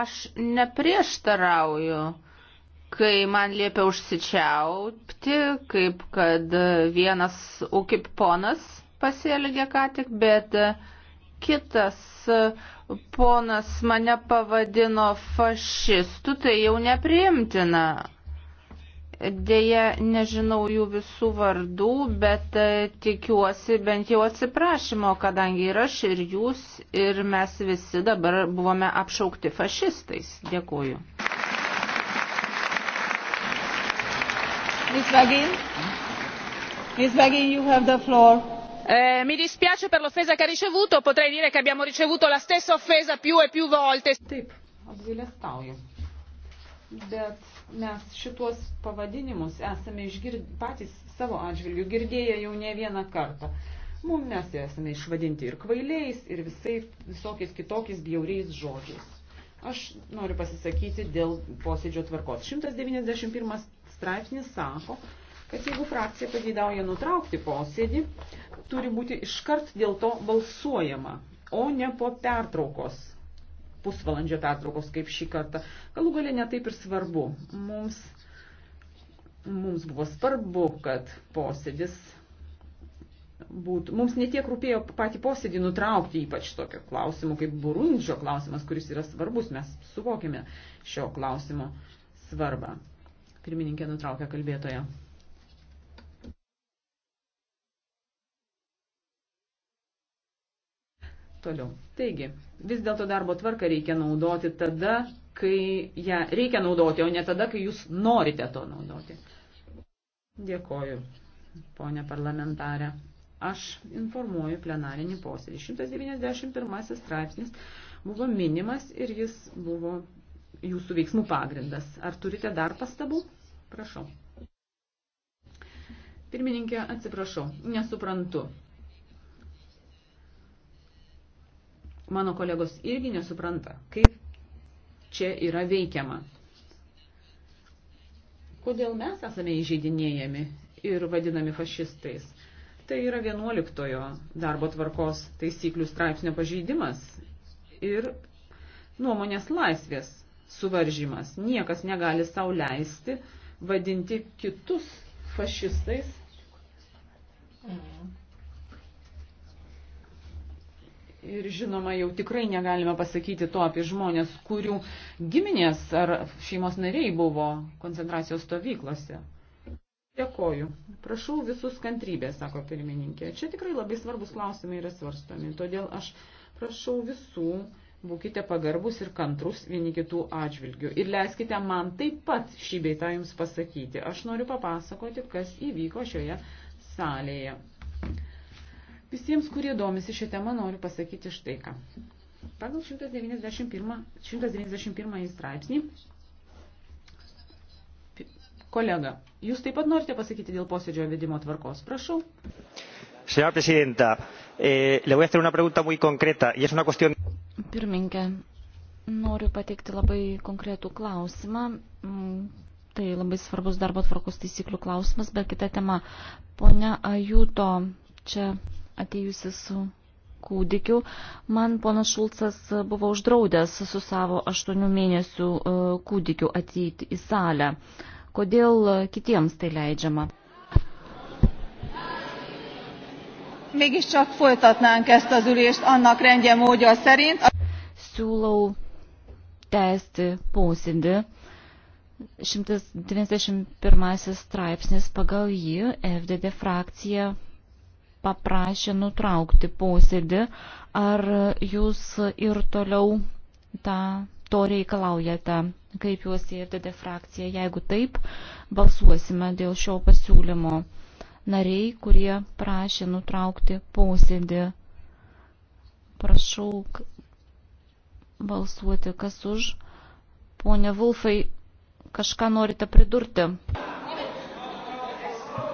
Aš neprieštarauju, kai man liepia užsičiaupti, kaip kad vienas UKIP ponas pasielgė ką tik, bet kitas ponas mane pavadino fašistu, tai jau nepriimtina. Deja, nežinau jų visų vardų, bet e, tikiuosi bent jau atsiprašymo, kadangi ir aš, ir jūs, ir mes visi dabar buvome apšaukti fašistais. Dėkuoju. Miss Vagin, Miss Vagin, you have the floor. Eh, mi dispiace per l'offesa che ha ricevuto, potrei dire che abbiamo ricevuto la stessa offesa più e più volte. Taip, apgailestauju. Bet mes šituos pavadinimus esame išgird, patys savo atžvilgių girdėję jau ne vieną kartą. Mums mes tai esame išvadinti ir kvailiais, ir visai visokiais kitokiais bjauriais žodžiais. Aš noriu pasisakyti dėl posėdžio tvarkos. 191 straipsnis sako, kad jeigu frakcija pageidauja nutraukti posėdį, turi būti iškart dėl to balsuojama, o ne po pertraukos pusvalandžio pertraukos kaip šį kartą. Galų galė netaip ir svarbu. Mums, mums buvo svarbu, kad posėdis būtų. Mums netiek rūpėjo patį posėdį nutraukti, ypač tokio klausimu kaip Burundžio klausimas, kuris yra svarbus. Mes suvokime šio klausimo svarbą. Pirmininkė nutraukė kalbėtoją. Toliau. Taigi, vis dėlto darbo tvarką reikia naudoti tada, kai ją reikia naudoti, o ne tada, kai jūs norite to naudoti. Dėkoju, ponė parlamentarė. Aš informuoju plenarinį posėdį. 191 straipsnis buvo minimas ir jis buvo jūsų veiksmų pagrindas. Ar turite dar pastabų? Prašau. Pirmininkė, atsiprašau, nesuprantu. mano kolegos irgi nesupranta, kaip čia yra veikiama. Kodėl mes esame įžeidinėjami ir vadinami fašistais? Tai yra 11 darbo tvarkos taisyklių straipsnio pažeidimas ir nuomonės laisvės suvaržymas. Niekas negali sau leisti vadinti kitus fašistais. Mm Ir žinoma, jau tikrai negalime pasakyti to apie žmonės, kurių giminės ar šeimos nariai buvo koncentracijos stovyklose. Dėkoju. Prašau visus kantrybės, sako pirmininkė. Čia tikrai labai svarbus klausimai yra svarstomi. Todėl aš prašau visų, būkite pagarbus ir kantrus vieni kitų atžvilgių. Ir leiskite man taip pat šį beitą jums pasakyti. Aš noriu papasakoti, kas įvyko šioje salėje. Visiems, kurie domisi šią temą, noriu pasakyti štai ką. Pagal 191, 191 straipsnį, kolega, jūs taip pat norite pasakyti dėl posėdžio vedimo tvarkos, prašau. Señora presidenta, eh, le voy a hacer una pregunta muy concreta y es una cuestión. Pirminkė, noriu pateikti labai konkretų klausimą. Mm, tai labai svarbus darbo tvarkos taisyklių klausimas, bet kita tema. Pone Ajuto čia atėjusi su kūdikiu, man ponas Šulcas buvo uždraudęs su savo aštuonių mėnesių e, kūdikiu ateiti į salę. Kodėl kitiems tai leidžiama? Mégiscsak folytatnánk ezt az ülést annak rendje módja szerint. Siūlau tęsti posėdį. 191 straipsnis pagal jį FDD frakcija paprašė nutraukti posėdį. Ar jūs ir toliau tą, to reikalaujate, kaip juos įvedė frakcija? Jeigu taip, balsuosime dėl šio pasiūlymo. Nariai, kurie prašė nutraukti posėdį. Prašau balsuoti, kas už. Pone Vulfai, kažką norite pridurti?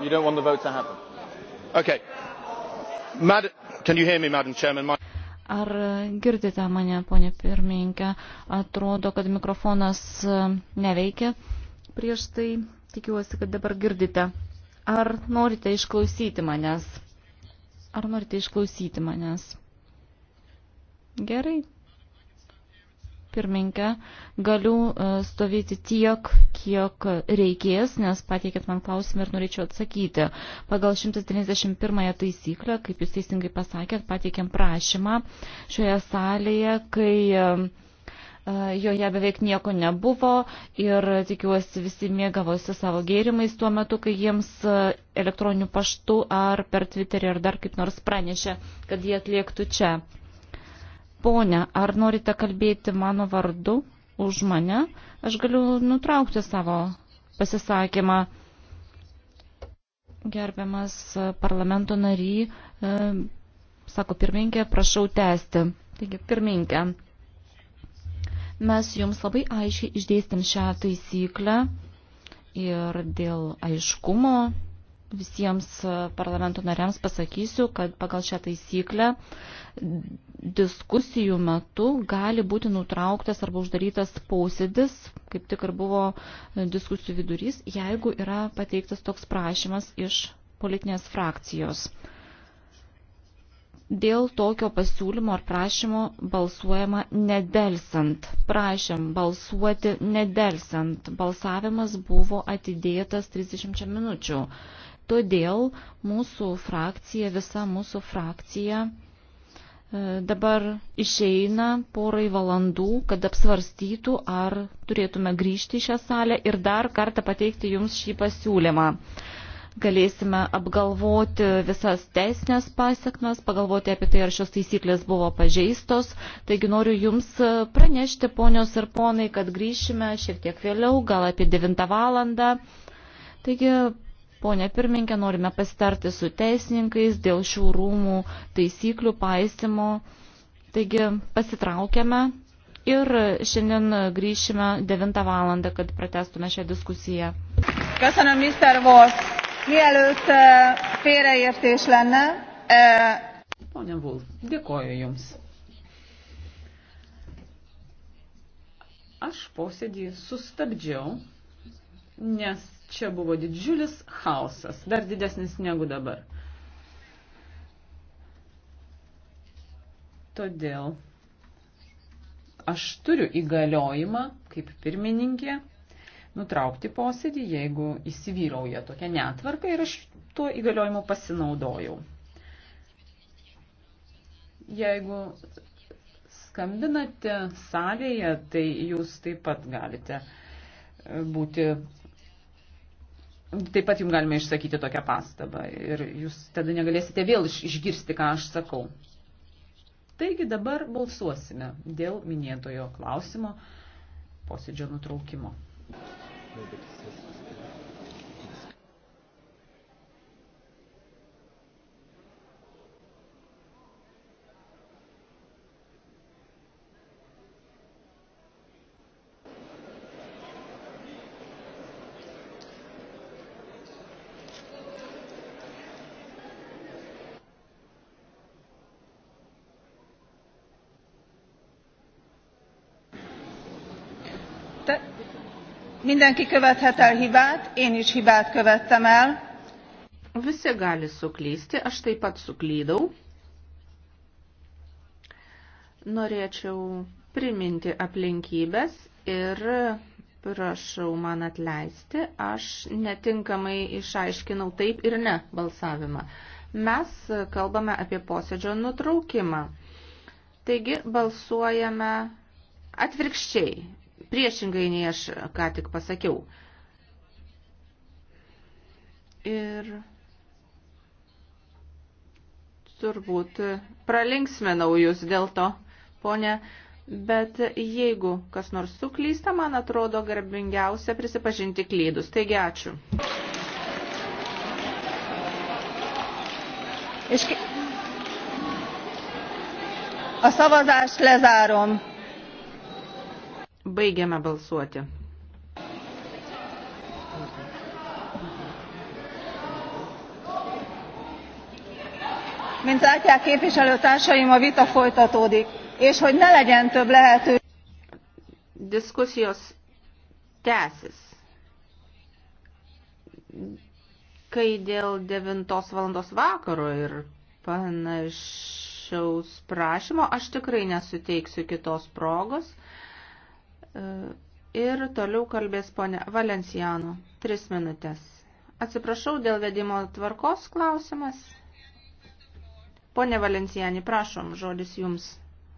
You don't want the vote to happen. Okay. Mad... Me, My... Ar girdite mane, ponė pirmininkė? Atrodo, kad mikrofonas e, neveikia. Prieš tai tikiuosi, kad dabar girdite. Ar norite išklausyti manęs? Ar norite išklausyti manęs? Gerai pirmininkė, galiu e, stovėti tiek, kiek reikės, nes pateikėt man klausimą ir norėčiau atsakyti. Pagal 131 taisyklę, kaip jūs teisingai pasakėt, pateikėm prašymą šioje salėje, kai e, joje beveik nieko nebuvo ir tikiuosi visi mėgavosi savo gėrimais tuo metu, kai jiems e, elektroniniu paštu ar per Twitterį ar dar kaip nors pranešė, kad jie atliektų čia. Pone, ar norite kalbėti mano vardu už mane? Aš galiu nutraukti savo pasisakymą. Gerbiamas parlamento nary, e, sako pirmininkė, prašau tęsti. Taigi, pirmininkė, mes jums labai aiškiai išdėstėm šią taisyklę ir dėl aiškumo, visiems e, parlamento nariams pasakysiu, kad pagal šią taisyklę diskusijų metu gali būti nutrauktas arba uždarytas posėdis, kaip tik ir buvo e, diskusijų vidurys, jeigu yra pateiktas toks prašymas iš politinės frakcijos. Dėl tokio pasiūlymo ar prašymo balsuojama nedelsant. Prašėm balsuoti nedelsant. Balsavimas buvo atidėtas 30 minučių. Todėl mūsų frakcija, visa mūsų frakcija e, dabar išeina porai valandų, kad apsvarstytų, ar turėtume grįžti į šią salę ir dar kartą pateikti jums šį pasiūlymą. Galėsime apgalvoti visas teisinės pasiekmes, pagalvoti apie tai, ar šios taisyklės buvo pažeistos. Taigi noriu Jums pranešti, ponios ir ponai, kad grįšime šiek tiek vėliau, gal apie 9 valandą. Taigi Pone pirmininkė, norime pasitarti su teisininkais dėl šių rūmų taisyklių paisimo. Taigi pasitraukėme ir šiandien grįšime 9 valandą, kad pratestume šią diskusiją. Köszönöm, Mr. Wolf. Mielőtt félreértés lenne. Pone Wolf, dėkoju Jums. Aš posėdį sustabdžiau, nes Čia buvo didžiulis chaosas, dar didesnis negu dabar. Todėl aš turiu įgaliojimą kaip pirmininkė nutraukti posėdį, jeigu įsivyrauja tokia netvarka ir aš tuo įgaliojimu pasinaudojau. Jeigu skambinate salėje, tai jūs taip pat galite būti Taip pat jums galime išsakyti tokią pastabą ir jūs tada negalėsite vėl išgirsti, ką aš sakau. Taigi dabar balsuosime dėl minėtojo klausimo posėdžio nutraukimo. Thank you. Mindenki követhet el hibát, én is hibát követtem el. Visi gali suklysti, aš taip pat suklydau. Norėčiau priminti aplinkybės ir prašau man atleisti, aš netinkamai išaiškinau taip ir ne balsavimą. Mes kalbame apie posėdžio nutraukimą. Taigi balsuojame atvirkščiai priešingai nei aš ką tik pasakiau. Ir turbūt pralinksime naujus dėl to, ponė, bet jeigu kas nors suklysta, man atrodo garbingiausia prisipažinti klydus. Taigi ačiū. A szavazást lezárom. Baigiame balsuoti. Mint látják képviselőtársaim, a vita folytatódik, és hogy ne legyen több lehető. Diskusijos tęsis. Kai dėl 9 valandos vakaro ir panašaus prašymo, aš tikrai nesuteiksiu kitos progos. Ir toliau kalbės ponė Valenciano. Tris minutės. Atsiprašau dėl vedimo tvarkos klausimas. Pone Valenciani, prašom, žodis jums.